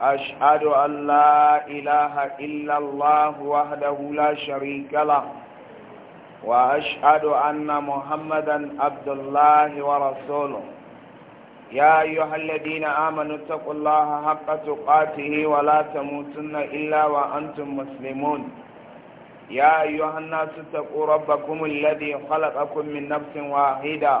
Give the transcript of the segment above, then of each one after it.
أشهد أن لا إله إلا الله وحده لا شريك له وأشهد أن محمدا عبد الله ورسوله يا أيها الذين آمنوا اتقوا الله حق تقاته ولا تموتن إلا وأنتم مسلمون يا أيها الناس اتقوا ربكم الذي خلقكم من نفس واحده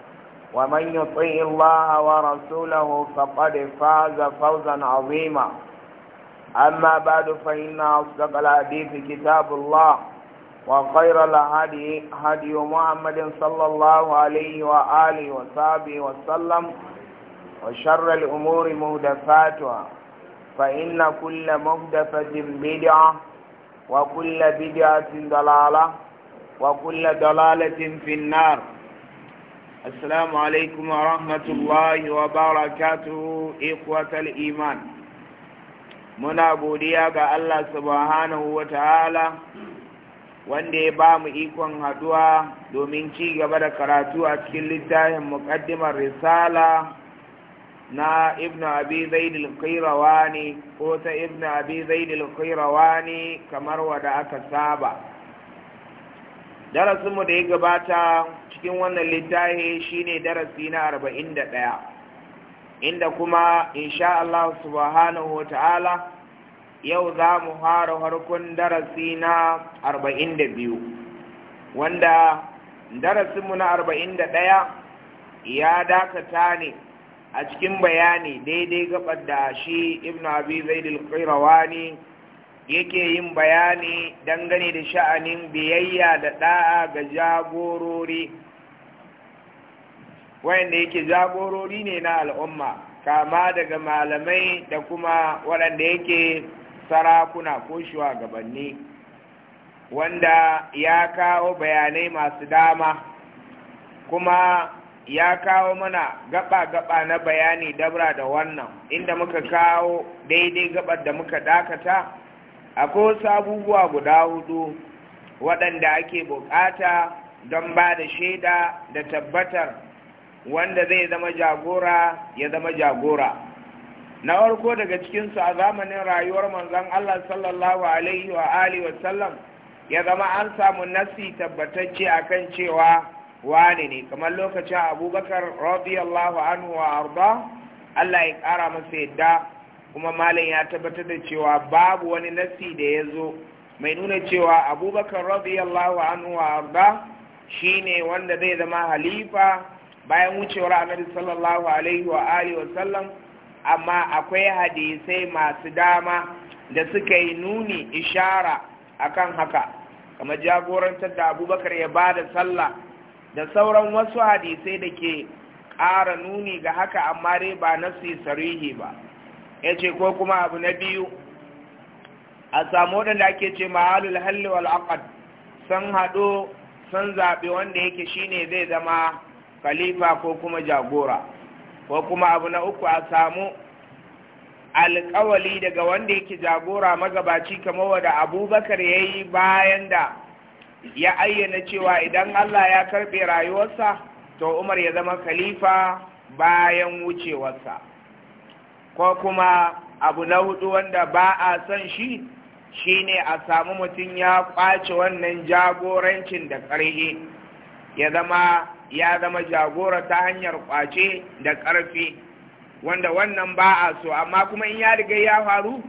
ومن يطيع الله ورسوله فقد فاز فوزا عظيما أما بعد فإن أصدق الحديث كتاب الله وخير الهدي هدي محمد صلى الله عليه وآله وصحبه وسلم وشر الأمور مهدفاتها فإن كل مهدفة بدعة وكل بدعة ضلالة وكل ضلالة في النار wa عليكم ورحمة الله وبركاته إخوة iman. muna godiya ga Allah subhanahu wa ta'ala wanda ya ba mu ikon haduwa domin ci gaba da karatu a cikin littafin muƙaddimar risala na ibnu abi zaid al-qayrawani ko ta ibnu abi zaid al-qayrawani kamar wada aka saba darasinmu da ya gabata cikin wannan littafi shine darasi na 41 inda kuma insha Allah subhanahu wa ta'ala yau za mu fara harkun darasi na 42 wanda darasinmu na 41 ya dakata ne a cikin bayani daidai gabar da shi ibn abi zaid al yake yin bayani dangane da sha'anin biyayya da ɗa'a ga jagorori wayanda yake jagorori ne na al'umma kama daga malamai da kuma waɗanda yake sarakuna ko shugabanni wanda ya kawo bayanai masu dama kuma ya kawo mana gaba-gaba na bayani dabra da wannan inda muka kawo daidai gabar da muka dakata akwai wasu abubuwa guda hudu waɗanda ake bukata don ba da shaida da tabbatar wanda zai zama jagora ya zama jagora na farko daga cikinsu a zamanin rayuwar manzon Allah sallallahu alaihi wa alihi wasallam ya zama an samu nasi tabbatacce akan cewa Wane ne kamar lokacin abubakar radiyallahu anhu wa arda Allah ya kara masa yadda kuma malam ya tabbatar da cewa babu wani nasi da ya zo mai nuna cewa abubakar radiyallahu anhu wa arda shine wanda zai zama halifa bayan wucewar anadi sallallahu alaihi wa alihi wa amma akwai hadisai masu dama da suka yi nuni ishara akan haka kamar jagorantar da abubakar ya ba da sallah da sauran wasu hadisai da ke ƙara nuni ga haka amma dai ba nasi sarihi ba ya ce ko kuma abu na biyu a samu waɗanda ake ce mahalul halli wal aqad haɗo san zaɓe wanda yake shine zai zama khalifa ko kuma jagora ko kuma abu na uku a samu alkawali daga wanda yake jagora magabaci kamar wanda abubakar ya yi bayan da ya ayyana cewa idan allah ya karɓe rayuwarsa to umar ya zama khalifa bayan wucewarsa ko kuma abu na hudu wanda ba a son shi shine a samu mutum ya kwace wannan jagorancin da ƙarfi ya zama ya zama jagora ta hanyar kwace da ƙarfi wanda wannan ba a so amma kuma in ya riga ya faru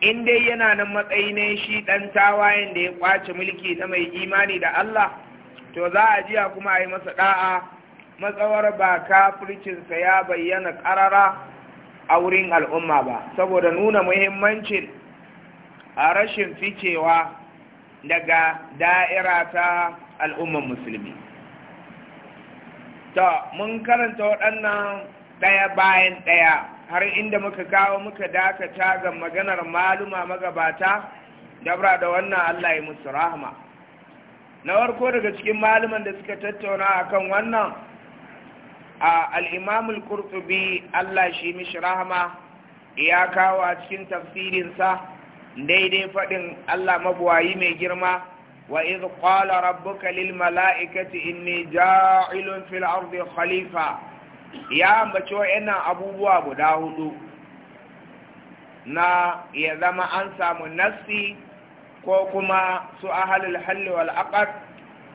in dai yana nan matsayi ne shi ɗan tawayen da ya kwace mulki na mai imani da Allah to za a jiya kuma a yi masa ɗa'a matsawar ba kafircinsa ya bayyana ƙarara a wurin al'umma ba saboda nuna muhimmancin a rashin ficewa daga da'ira ta al'umman musulmi ta mun karanta waɗannan ɗaya bayan ɗaya har inda muka kawo muka dakata ga maganar maluma magabata dabra da wannan Allah ya musu rahama na warko daga cikin maluman da suka tattauna kan wannan al-imam al Allah shi mishi rahma, ya kawo a cikin tafsirinsa daidai faɗin Allah mabuwayi mai girma wa idh qala rabbuka lil mala'ikati inni ja'ilun fil ardi khalifa ya ambaci wa'annan abubuwa guda hudu na ya zama an samu nassi ko kuma su ahalul halli wal aqd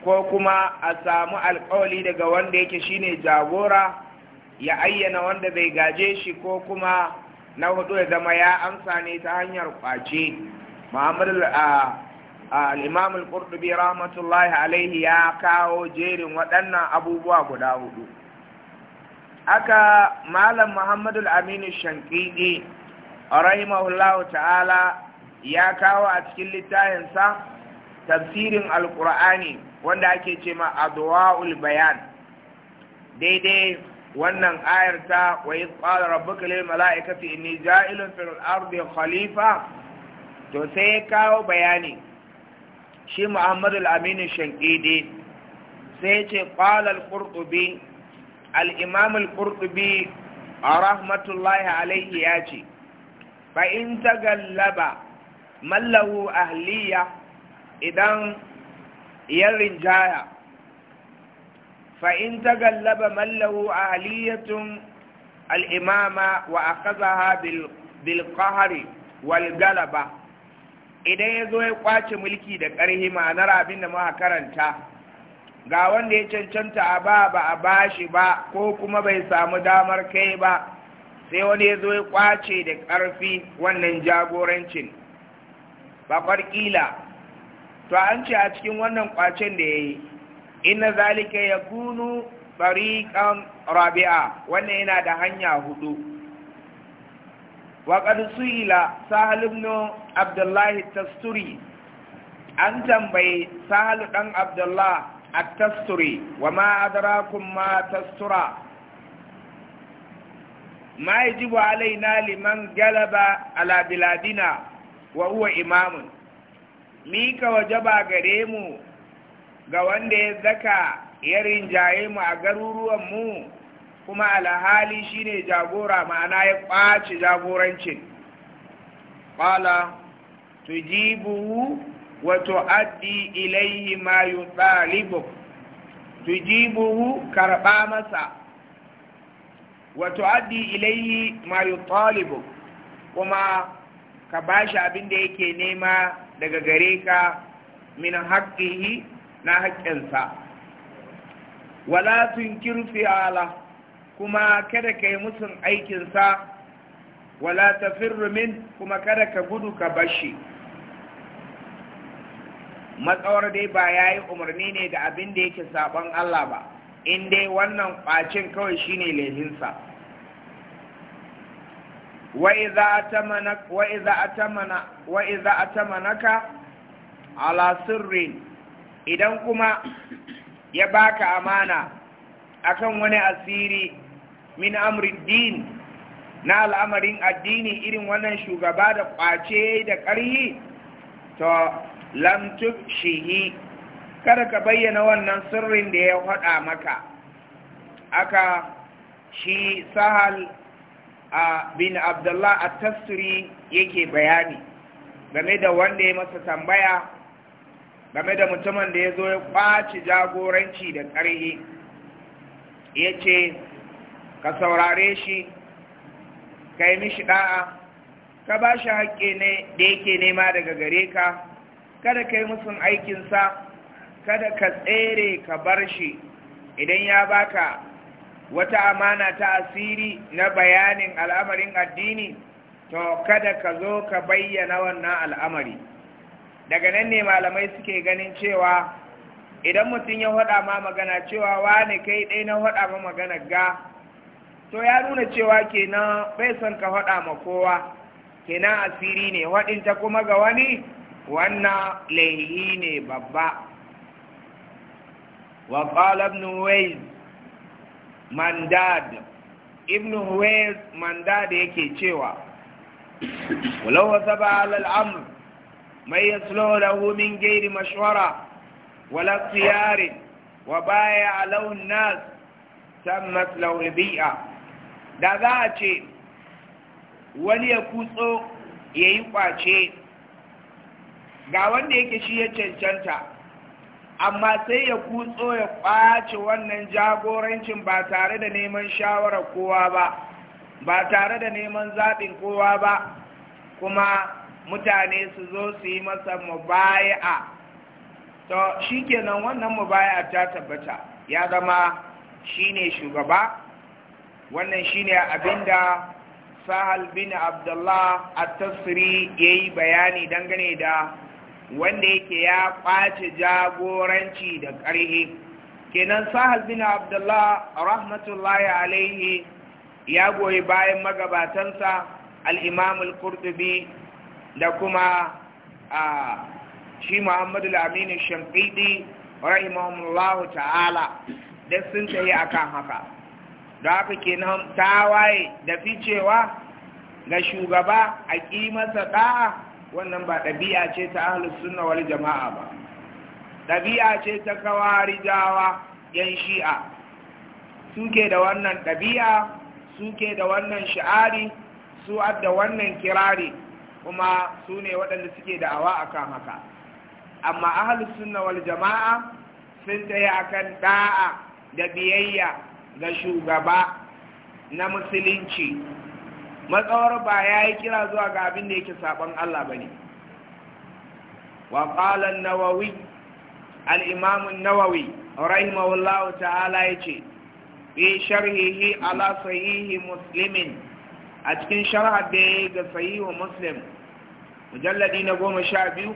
ko kuma a samu alkawali daga wanda yake shine jagora ya ayyana wanda bai gaje shi ko kuma na hudu ya zama ya amsa ne ta hanyar kwace muhammad al-imam al rahmatullahi alaihi ya kawo jerin waɗannan abubuwa guda hudu aka malam muhammad aminu shankidi rahimahullahu ta'ala ya kawo a cikin littafinsa tafsirin alƙur'ani wanda ake ce ma adwa'ul bayan daidai wannan ayar ta wa iz qala rabbuka lil mala'ikati inni ja'ilun fil ardi khalifa to sai kawo bayani shi Muhammad al-Amin Shankidi sai ce qala al-Qurtubi al-Imam al-Qurtubi rahmatullahi alayhi ce. fa in tagallaba mallahu ahliya idan iyan rinjaya fa'in ta gallaba mallahu a al'imama wa a bilkahari walgalaba idan ya zo ya kwace mulki da ƙarhi ma'anar abin da muka karanta ga wanda ya cancanta a ba ba a bashi ba ko kuma bai samu damar kai ba sai wani ya zo ya kwace da ƙarfi wannan jagorancin ba ƙila to an ce a cikin wannan kwacen da ya yayi ina zalika ya kunu tariqan rabi'a wannan yana da hanya hudu wa qad la sahalin Abdullahi tasturi an tambayi sahalu ɗan abdullah at-tasturi wa ma adrakum kuma tastura ma alai na liman galaba ala biladina wa huwa imamun mika wajaba gare mu ga wanda ya zaka ya rinjaye mu a garuruwan mu kuma alhali shine jagora ma'ana ya kwace jagorancin qala tujibuhu wa tuaddi ilayhi ma yutalibu tujibuhu karba masa wa tuaddi ilayhi ma yutalibu kuma ka bashi abin da yake nema daga gare ka min haƙƙihi na haƙƙinsa wala kirfi ala kuma kada ka yi musun aikinsa wala tafin rumin, kuma kada ka gudu ka bashi matsawar dai ba ya yi umarni ne da abin da yake sabon Allah ba in dai wannan ƙwacin kawai shine lehinsa wa'iza a tamanaka ala sirrin idan kuma ya baka amana akan wani asiri min amriddin na al'amarin addini irin wannan shugaba da kwace da ƙarhi to lamtuk shihi kada ka bayyana wannan sirrin da ya faɗa maka aka shi sahal a bin abdullah a tasiri yake bayani game da wanda ya masa tambaya game da mutumin da ya zo ya ƙwace jagoranci da ƙarhi ya ce ka saurare shi ka yi mishi ɗa'a ka ba shi haƙƙe ne da yake nema daga gare ka kada ka yi musun aikinsa kada ka tsere ka bar shi idan ya baka wata amana ta asiri na bayanin al'amarin addini to kada ka zo ka bayyana wannan al'amari daga nan ne malamai suke ganin cewa idan mutum ya faɗa ma magana cewa wani kai ɗai na faɗa ma magana ga to ya nuna cewa kenan bai son ka faɗa ma kowa kenan asiri ne ta kuma ga wani wannan laihi ne babba wa ƙalab ibn mandad ibn huwais mandad yake cewa walau saba alal amr mai yaslo lahu min gairi mashwara wala tiyari wa baya alawun nas tammat lahu bi'a da za a ce wani ya kutso ya yi kwace ga wanda yake shi ya cancanta amma sai ya kutso ya ƙwace wannan jagorancin ba tare da neman shawarar kowa ba ba tare da neman zaɓin kowa ba kuma mutane su zo su yi masa mubaya'a to shi kenan wannan mubaya ta tabbata ya zama shi ne shugaba wannan shi shine abinda sahal bin abdullah tasiri ya yi bayani dangane da wanda yake ya ƙwace jagoranci da ƙarhe kenan sahal bin abdullah rahmatullahi alaihi ya goyi bayan magabatansa al'imam al-kurdubi da kuma a shi muhammadu lamini aminu shamfidi ta'ala da sun tafi akan haka da haka kenan tawaye da ficewa ga shugaba a ƙi masa ɗa'a wannan ba ɗabi'a ce ta ahlus sunna wal jama'a ba ɗabi'a ce ta kawari kawarijawa yan shi'a suke da wannan ɗabi'a suke da wannan sha'ari su adda wannan kirari kuma su ne waɗanda suke da awa a kan haka amma ahlus sunna wal jama'a sun tsaye akan ɗa'a, da biyayya ga shugaba na musulunci matsawar ba ya yi kira zuwa ga abin da yake saban Allah ba ne wa ƙalan nawawi al'imamun nawawi rahimahullahu ta'ala ya ce fi sharhihi ala sahihi muslimin a cikin sharhar da ya yi ga sahihu muslim mujalladi na goma sha biyu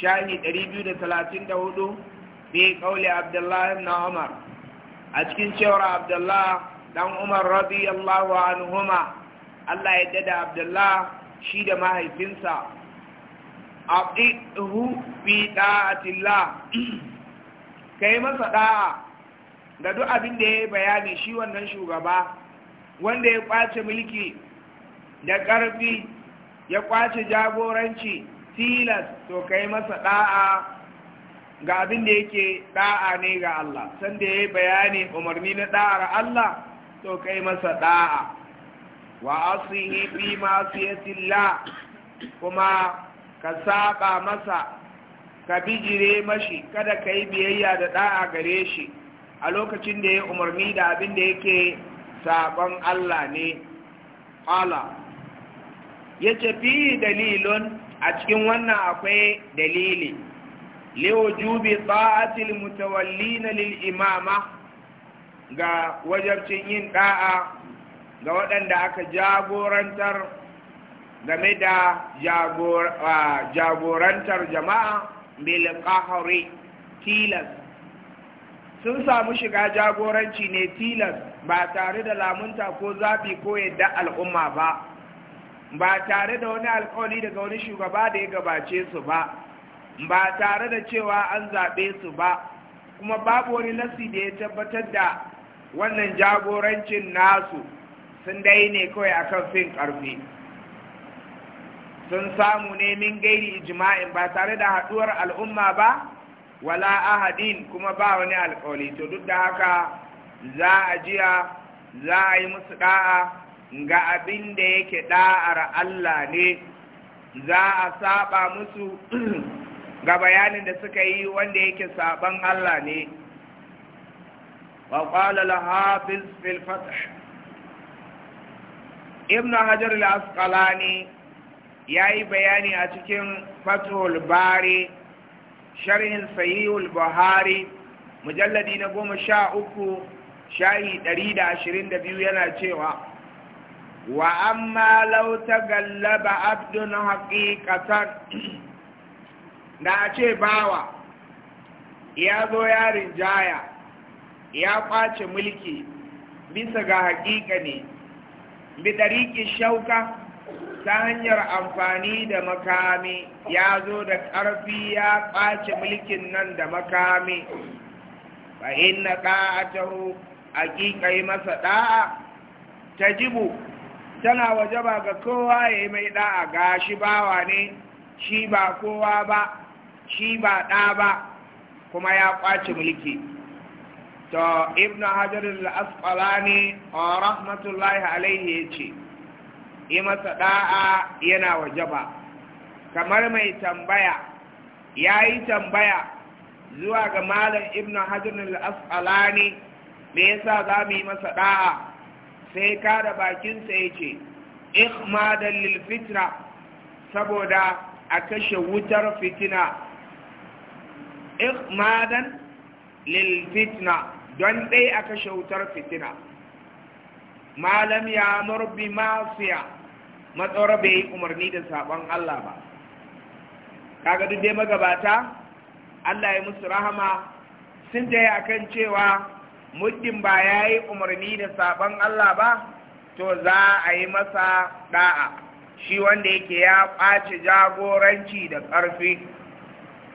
shahi ɗari biyu da talatin da hudu fi ƙauli abdullahi na umar a cikin cewar abdullahi dan umar radiyallahu anhuma Allah ya dada Abdullah shi da mahaifinsa abdihu fi da'atillah kai masa ɗa'a. da duk abin da ya bayani shi wannan shugaba wanda ya kwace mulki da ƙarfi ya kwace jagoranci tilas to kai masa ɗa'a ga abin da yake ɗa'a ne ga Allah sanda ya yi bayani umarni na ɗa'ar Allah to kai masa ɗa'a. wa asihi fi masiyatillah kuma ka saɓa masa ka bijire mashi kada ka yi biyayya da da'a gare shi a lokacin da ya umarni da abin da yake saban Allah ne qala yace fi dalilun a cikin wannan akwai dalili liwujubi ta'atil mutawallin lil imama ga wajen cin yin da'a ga waɗanda aka jagorantar game da jagorantar jama'a mai qahri tilas sun samu shiga jagoranci ne tilas ba tare da lamunta ko zaɓi ko yadda al'umma ba ba tare da wani alkawari daga wani shugaba da ya gabace su ba ba tare da cewa an zaɓe su ba kuma babu wani nasi da ya tabbatar da wannan jagorancin nasu sun dai ne kawai akan fin ƙarfi sun samu ne min gairi ijma'in ba tare da haɗuwar al'umma ba wala ahadin kuma ba wani alƙawali to duk da haka za a jiya za a yi musu ɗa'a ga abin da yake ɗa'ar Allah ne za a saba musu ga bayanin da suka yi wanda yake saban Allah ne wa qala hafiz fil fath ibn hajar al-asqalani yayi bayani a cikin fathul bari sharhin sahihul buhari mujalladi na goma sha uku shayi ɗari da ashirin da biyu yana cewa wa amma law tagallaba abdun haqiqatan da ce bawa ya zo ya rinjaya ya kwace mulki bisa ga haƙiƙa ne bitariki shauka ta hanyar amfani da makami ya zo da ƙarfi ya ƙwace mulkin nan da makami ba inna ƙa'atahu aƙiƙa yi masa ɗa'a ta jibu tana waje ba ga kowa ya yi mai ɗa'a ga shi bawa ne shi ba kowa ba shi ba ɗa ba kuma ya ƙwace mulki to ibn hajar al-asqalani rahmatullahi alaihi yace yi masa da'a yana wajaba kamar mai tambaya yayi tambaya zuwa ga malam ibn hajar al-asqalani me yasa za mu yi masa da'a sai kada bakinsa yace ikhmadan lil fitna saboda a kashe wutar fitina ikhmadan lil fitna don dai a kashe wutar fitina malam ya murbi masiya matsawar bai yi umarni da sabon Allah ba kaga duk dai magabata Allah ya musu rahama sun da akan cewa muddin ba ya yi umarni da sabon Allah ba to za a yi masa ɗa'a, shi wanda yake ya ɓace jagoranci da ƙarfi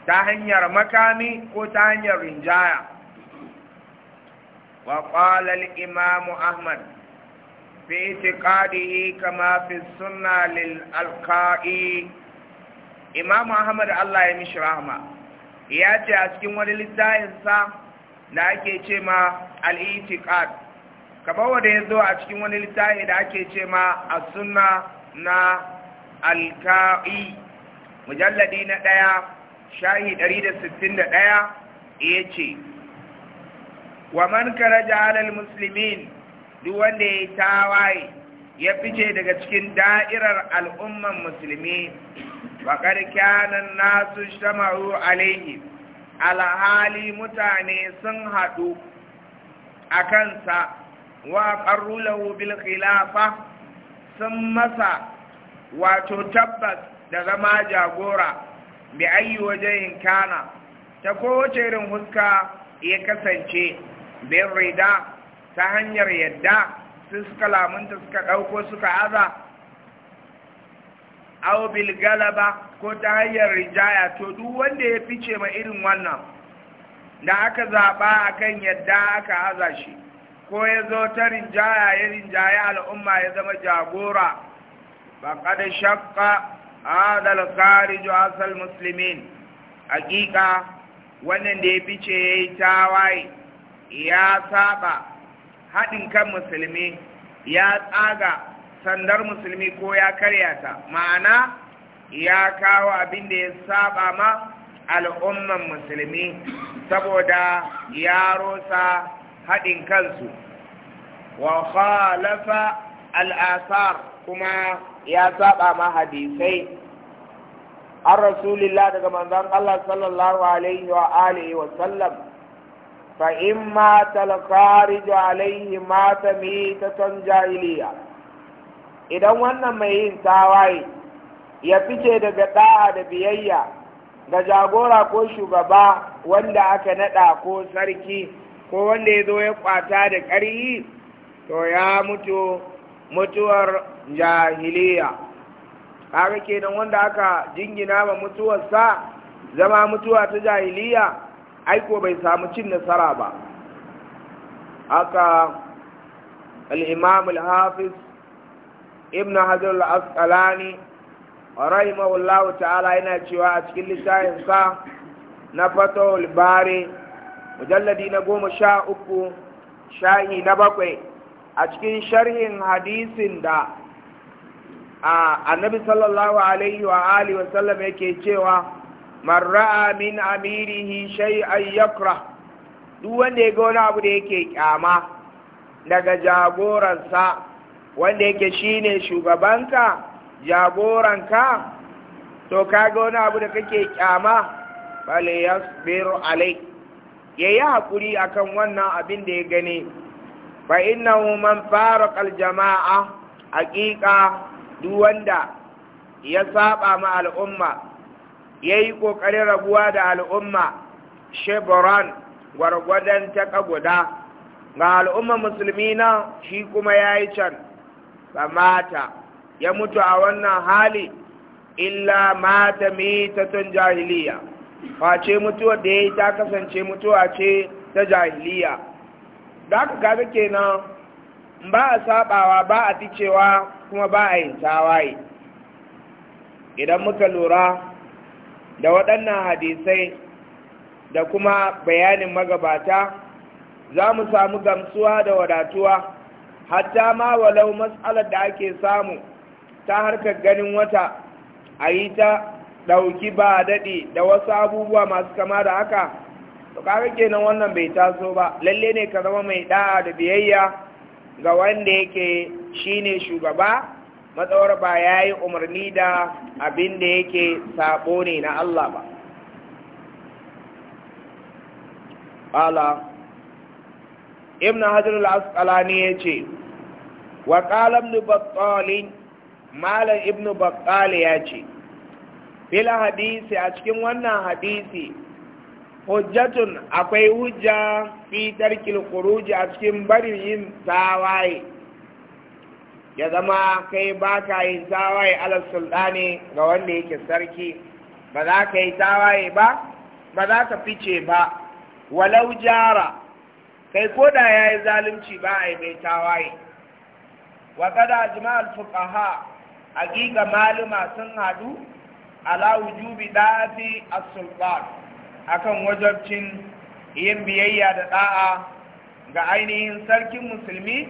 ta hanyar makami ko ta hanyar rinjaya وقال الإمام أحمد في اعتقاده كما في السنة للألقائي إمام أحمد الله يمشي رحمه ياتي أسكن a cikin wani littafinsa da ake ce ma al'itiƙad kamar wanda ya zo a cikin wani littafi da ake ce ma a suna na alka'i mujalladi na ɗaya shahi 161 ya ce wa man karaja alal muslimin duk wanda ya tawaye ya fice daga cikin da'irar al'umman musulmi wa karkanan nasu shama'u alaihi alhali mutane sun haɗu a kansa wa ƙarrulahu bil khilafa sun masa wato tabbas da zama jagora bi ayyi wajen kana ta kowace irin huska ya kasance bin rida ta hanyar yadda su suka lamunta suka ɗauko suka aza au galaba ko ta hanyar rijaya to duk wanda ya fice ma irin wannan da aka zaɓa a kan yadda aka aza shi ko ya zo ta rinjaya ya rinjaya al'umma ya zama jagora ba kada shakka adal khariju asal muslimin hakika wannan da ya fice ya yi tawaye ya saba haɗin kan musulmi ya tsaga sandar musulmi ko ya karya ta ma'ana ya kawo abin da ya saba ma al'umman musulmi saboda ya rosa haɗin kansu wa khalafa al'asar kuma ya saba ma hadisai an rasulillah daga manzan Allah sallallahu alaihi wa alihi wa sallam فإن مات الخارج عليه مات ميتة جاهلية idan wannan mai yin tawaye ya fice daga ɗa'a da biyayya ga jagora ko shugaba wanda aka naɗa ko sarki ko wanda ya zo ya kwata da ƙaryi to ya mutu mutuwar jahiliya kaga kenan wanda aka jingina ma mutuwarsa zama mutuwa ta jahiliya aiko bai samu cin nasara ba aka al-imam al-hafiz ibn hajar al-asqalani rahimahullahu ta'ala yana cewa a cikin littafin sa na fatawul bari mujalladi na goma sha uku shahi na bakwai a cikin sharhin hadisin da a annabi sallallahu alaihi wa alihi wasallam yake cewa Marra'a min amirihi shay'an yakrah duk wanda ya ga wani abu da yake kyama daga jagoransa wanda yake shine shugabanka jagoranka to kaga wani abu da kake kyama bale biro alai Ya yayi hakuri akan wannan abin da ya gani fa innahu man faraqa jama'a? haqiqa duk wanda ya saba ma al'umma ya yi ƙoƙarin rabuwa da al'umma shebron gwargwadon ta guda ga al'umma musulmi nan shi kuma ya yi can kamata ya mutu a wannan hali illa mata mitatun jahiliya face mutuwa da ya yi ta kasance mutuwa ce ta jahiliya da aka gaza kenan ba a sabawa ba a ticewa kuma ba a yin tawaye idan muka lura da waɗannan hadisai da kuma bayanin magabata za mu samu gamsuwa da wadatuwa hatta ma walau matsalar da ake samu ta harkar ganin wata a yi ta ɗauki ba daɗi da wasu abubuwa masu kama da haka to kaga kenan wannan bai taso ba lalle ne ka zama mai ɗa'a da biyayya ga wanda yake shine shugaba matsawar ba ya yi umarni da abin da yake sabo ne na Allah ba ƙala ibn al’asƙala ne ya ce wa ƙalam ni baƙalin malar ibn baƙali ya ce fila hadisi a cikin wannan hadisi hujjatun akwai hujja fi tarkil a cikin barin yin tawaye ya zama kai ba ka yi tawaye alal sultani ga wanda yake sarki ba za ka yi tawaye ba ba za ka fice ba walau jara kai koda ya yi zalunci ba a yi mai tawaye wa kada jima'al a giga maluma sun hadu ala wujubi dafi asulbar a akan wajabcin yin biyayya da ɗa'a ga ainihin sarkin musulmi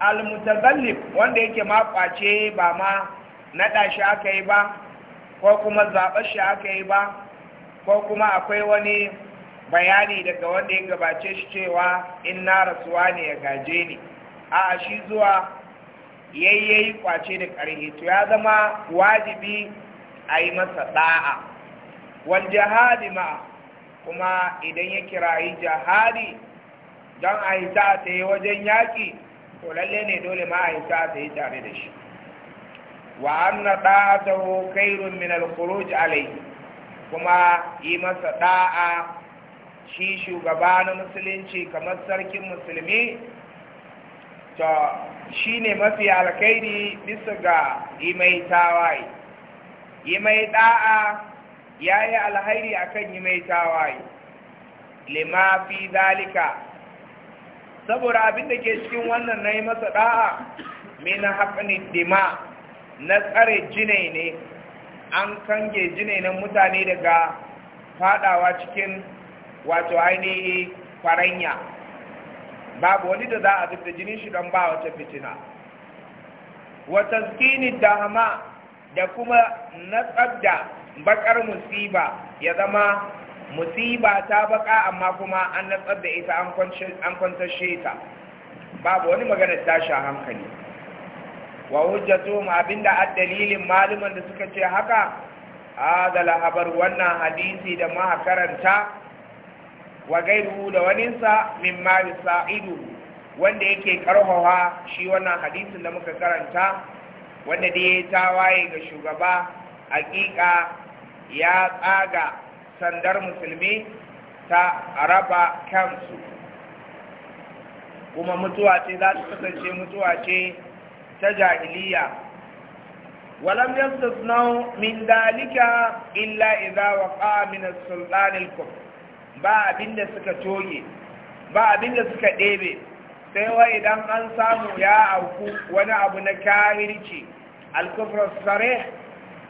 al almutazallif wanda yake ma kwace ba ma naɗa shi aka yi ba ko kuma zaɓar shi aka yi ba ko kuma akwai wani bayani daga wanda ya gabace shi cewa in na rasuwa ne ya gaje ni a shi zuwa yayyayi kwace da ƙarfi to ya zama wajibi a yi masa ɗa'a wal jihadi ma kuma idan ya yi jihadi don a yi ta wajen yaƙi to lalle ne dole ma'aikata ta yi tare da shi wa anna kai khairun min al-khuruj kuma yi masa ɗa'a shi shugaba na musulunci kamar sarkin musulmi to shine mafi alkhairi bisa ga yi mai tawaye yi mai ɗa'a yi yayi a akan yi mai tawaye lima fi zalika saboda abin da ke cikin wannan na yi masa ɗa'a mina haƙani dima na tsare jinai ne an kange jinai na mutane daga fadawa cikin wato ainihi faranya babu wani da za a zubta jinin shi don ba wata fitina wata skini dama da kuma na tsabda bakar musiba ya zama musiba ta baka amma kuma an natsar da ita an kwantashe ta babu wani magana tashi a hankali wa ma abinda ad dalilin maluman da suka ce haka hada lahabar wannan hadisi da ma karanta wa gairu da waninsa mimma Sa'idu, wanda yake karhawa shi wannan hadisin da muka karanta wanda da ta waye ga shugaba hakika ya tsaga sandar musulmi ta raba kansu kuma mutuwa ce za su kasance mutuwa ce ta jahiliya walam yastasna min dalika illa idza waqa min as-sultan ba abinda suka toge ba abinda suka ɗebe sai wa idan an samu ya auku wani abu na kahirci al-kufr sarih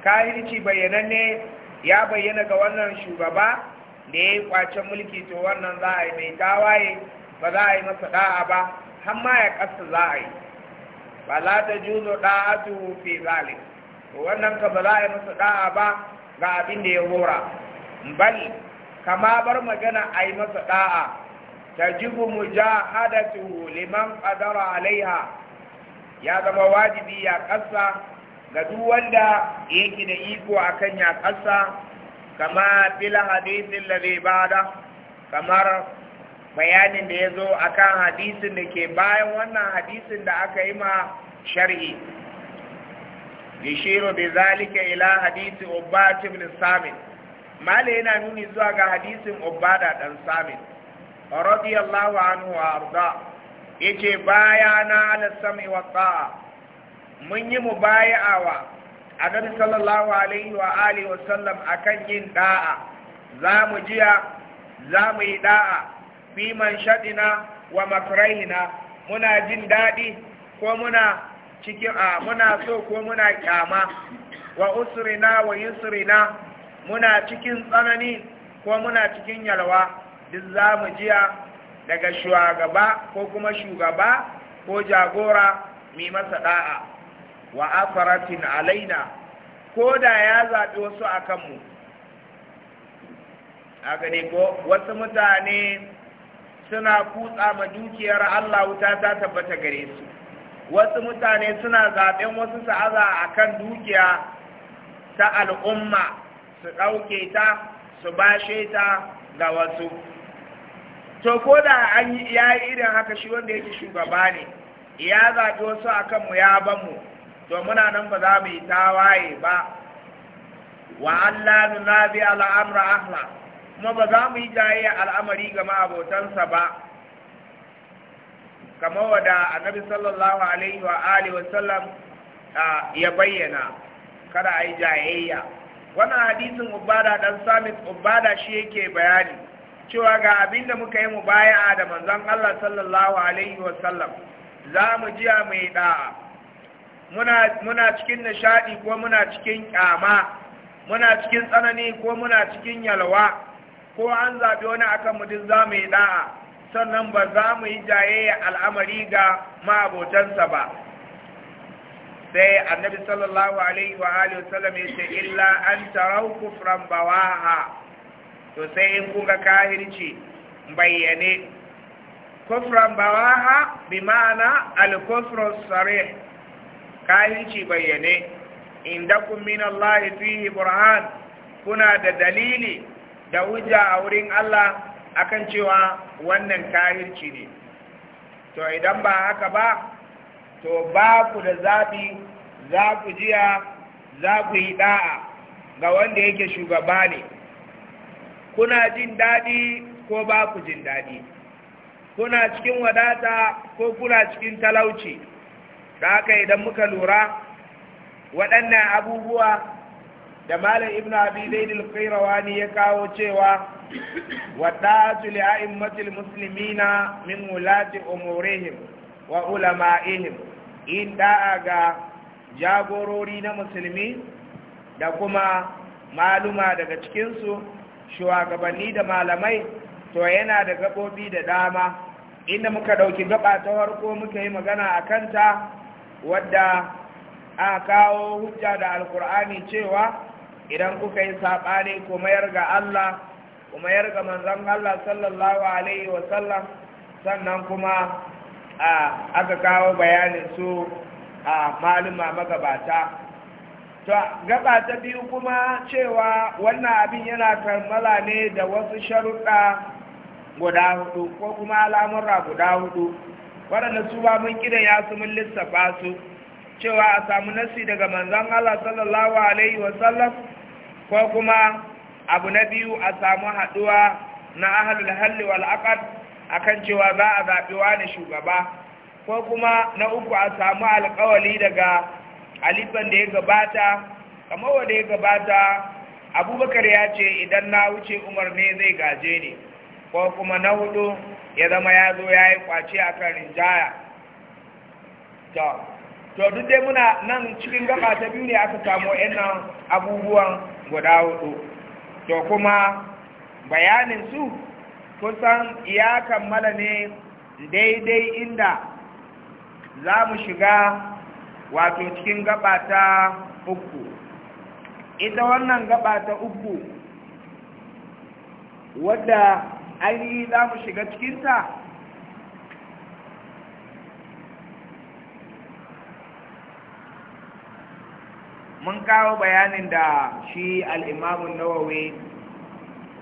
kahirci bayananne ya bayyana ga wannan shugaba da ya yi kwacen mulki to wannan za a yi mai tawaye ba za a yi masa da'a ba har ma ya kasa za a yi ba za ta juzo da'atu fi zalim to wannan ka ba za a yi masa da'a ba ga abin da ya hora bali kama bar magana a yi masa da'a hada mujahadatu liman kadara alaiha ya zama wajibi ya kasa ga duk wanda yake da iko akan ya yaƙarsa kama da hadithin ba ba'da kamar bayanin da ya yazo akan hadisin da ke bayan wannan hadisin da aka yi ma sharhi yashiru da zalika ila hadisi Ubbad cibin samin. male yana nuni zuwa ga hadisin Ubbada dan Samit radiyallahu anhu wa arda yace baya na alasami sami wa mun yi mu a annabi sallallahu alaihi wa alihi wa sallam akan yin da'a za mu jiya za mu yi da'a fi man shadina wa makrahina muna jin daɗi, ko muna cikin a muna so ko muna kyama wa usrina wa yusrina muna cikin tsanani ko muna cikin yalwa duk za mu jiya daga shugaba ko kuma shugaba ko jagora mai masa ɗa'a. wa afaratin alaina ko da ya zaɓi wasu a kanmu a gani ko wasu mutane suna kutsa ma dukiyar Allah wuta ta tabbata gare su wasu mutane suna zaɓen wasu sa'aza a kan dukiya ta al'umma su ɗauke ta su bashe ta ga wasu to ko da an yi irin haka shi wanda yake shugaba ne ya zaɓi wasu a kanmu ya banmu to muna nan ba za mu yi tawaye ba wa Allah nunabi al'amra ahla kuma ba za mu yi jayayya al'amari ga ma'abotansa ba kamar wada annabi sallallahu alaihi wa alihi wa sallam ya bayyana kada a yi jayayya wannan hadisin ubada dan samit ubada shi yake bayani cewa ga abinda muka yi mu baya da manzon Allah sallallahu alaihi wa sallam za mu jiya mai da'a muna cikin nishaɗi ko muna cikin kyama muna cikin tsanani ko muna cikin yalwa ko an zaɓi wani akan mutum za mu yi ɗa'a sannan ba za mu yi jayayya al'amari ga ma'abotansa ba sai annabi sallallahu alaihi wa alihi wasallam ya ce illa an tarau kufran bawaha to sai in kuka kahirci bayyane kufran bawaha bi ma'ana al-kufru sarih kahinci bayyane inda min Allah fihi burhan kuna da dalili da wuja a wurin Allah akan cewa wannan kahirci ne to idan ba haka ba to ba ku da zaɓi za ku jiya za ku yi ɗa'a ga wanda yake shugaba ne kuna jin daɗi ko ba ku jin daɗi kuna cikin wadata ko kuna cikin talauci da aka idan muka lura waɗannan abubuwa da malam ibn abi zaidul ne ya kawo cewa wadatu li musulmi na min wulati umurihim wa ulama'ihim in da'a ga jagorori na musulmi da kuma maluma daga cikinsu shugabanni da malamai to yana da gabobi da dama inda muka ɗauki gaba ta farko muka yi magana a kanta wadda a kawo hujja da alkur'ani cewa idan kuka yi saɓani ku mayar ga Allah ku mayar ga manzon Allah sallallahu alaihi wasallam sannan kuma aka kawo bayanin su a malama magabata gaba ta biyu kuma cewa wannan abin yana kammala ne da wasu sharuɗa guda hudu ko kuma alamurra guda hudu waɗanda su ba mun kidan ya su mun lissafa su cewa a samu nasi daga manzan Allah sallallahu alaihi wasallam ko kuma abu na biyu a samu haɗuwa na ahalul halli wal aqad akan cewa za a zaɓi wani shugaba ko kuma na uku a samu alƙawali daga alifan da ya gabata kamar wanda ya gabata abubakar ya ce idan na wuce umar ne zai gaje ni ko kuma na hudu ya zama ya zo ya yi kwace a kan rinjaya to duk dai muna nan cikin gaba ta biyu ne aka samu yanan abubuwan guda hudu to kuma bayanin su kusan ya kammala ne daidai inda za mu shiga wato cikin gaba ta uku ita wannan gaba ta uku wadda ainihi za mu shiga cikinta mun kawo bayanin da shi al'imamun nawawi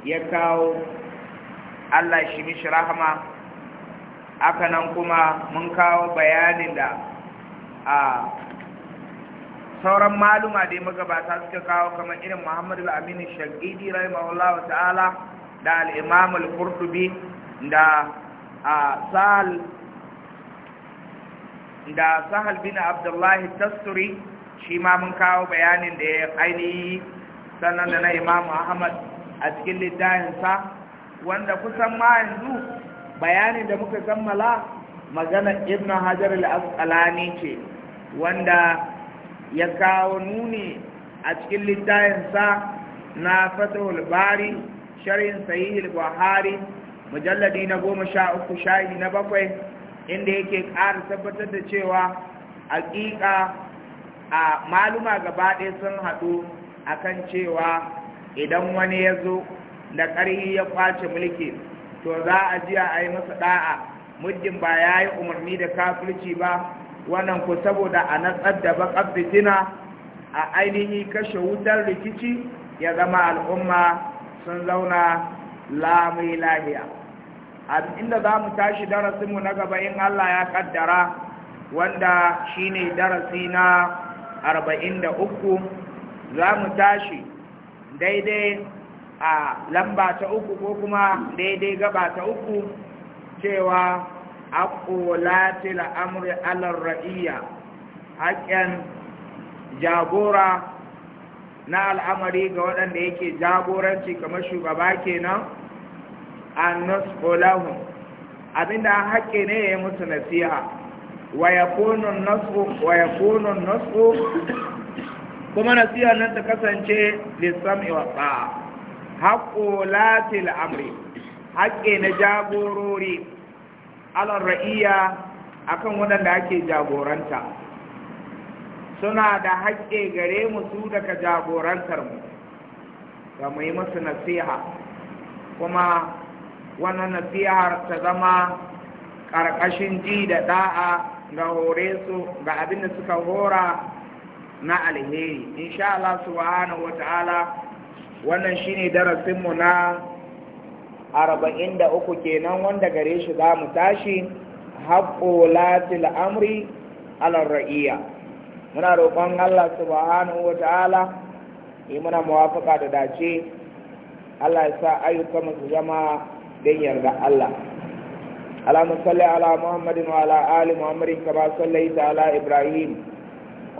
ya kawo Allah shi mishi rahama aka nan kuma mun kawo bayanin da a sauran maluma da ya magabata suka kawo kamar irin muhammadu al'aminin shagidi rahimahullahu ta'ala da al-imam al-qurtubi da sahal da sahal bin Abdullahi tasturi shi ma mun kawo bayanin da ya ainihi sannan da na imam ahmad a cikin littafinsa wanda kusan ma yanzu bayanin da muka kammala magana ibn hajar al-asqalani ce wanda ya kawo nuni a cikin littafinsa na fatahul bari shar'in sahihul buhari mujalladi na goma sha uku na bakwai inda yake ƙara tabbatar da cewa hakika a maluma gaba ɗaya sun haɗu akan cewa idan wani ya zo da ƙarhi ya kwace mulki to za a jiya a yi masa ɗa'a muddin ba ya yi umarni da kafirci ba wannan ku saboda a natsar da baƙar fitina a ainihi kashe wutar rikici ya zama al'umma sun zauna lamai lahiya inda za mu tashi darasinmu na gaba in Allah ya kaddara wanda shine darasi na arba'in da uku za mu tashi daidai a lamba ta uku ko kuma daidai gaba ta uku cewa aƙolati amri alar ra'iya haƙƙen jagora na al'amari ga waɗanda yake jagoranci kamar shugaba kenan an nasqulahum abinda an haƙƙe ne ya yi musu nasiha wa yakunu nasu nasu kuma nasiha nan ta kasance lissam'i wa haƙƙo haqqulatil amri haƙƙe na jagorori alar ra'iya akan waɗanda ake jagoranta suna da haƙƙe gare mu su daga jagorantar mu ga mai masu nasiha kuma wannan nasihar ta zama ƙarƙashin ji da ɗa'a ga hore su ga abin da suka hora na alheri insha Allah subhanahu wa ta'ala wannan shine darasinmu na uku kenan wanda gare shi za mu tashi haƙƙo latil amri ala ra'iya muna roƙon Allah subhanahu wa ta'ala yi muna mawafaka da dace Allah ya sa ayyuka masu zama don yarda Allah ala musalli ala muhammadin wa ala ali muhammadin kama sallai ta ala ibrahim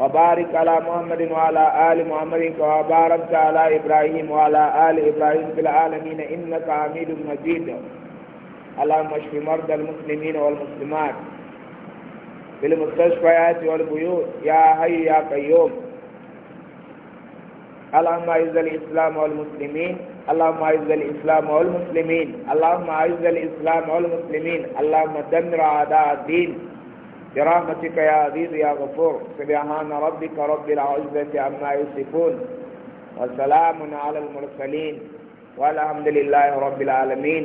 wa barik ala muhammadin wa ala ali muhammadin kama barabta ala ibrahim wa ala ali ibrahim fil alamin innaka hamidun majid اللهم اشف مرضى المسلمين والمسلمات في المستشفيات والبيوت يا حي يا قيوم اللهم اعز الاسلام والمسلمين اللهم اعز الاسلام والمسلمين اللهم اعز الاسلام والمسلمين اللهم دمر اعداء الدين برحمتك يا عزيز يا غفور سبحان ربك رب العزه عما يصفون وسلام على المرسلين والحمد لله رب العالمين